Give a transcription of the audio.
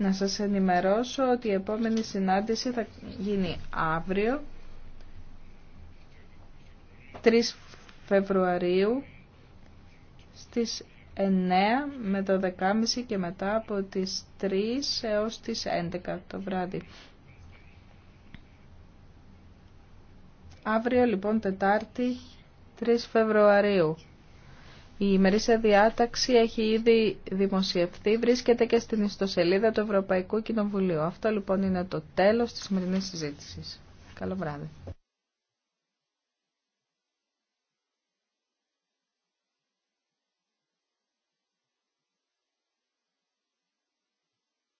Να σας ενημερώσω ότι η επόμενη συνάντηση θα γίνει αύριο, 3 Φεβρουαρίου, στις 9 με το 10.30 και μετά από τις 3 έως τις 11 το βράδυ. Αύριο λοιπόν Τετάρτη 3 Φεβρουαρίου. Η ημερήσια διάταξη έχει ήδη δημοσιευθεί, βρίσκεται και στην ιστοσελίδα του Ευρωπαϊκού Κοινοβουλίου. Αυτό λοιπόν είναι το τέλος της σημερινής συζήτησης. Καλό βράδυ.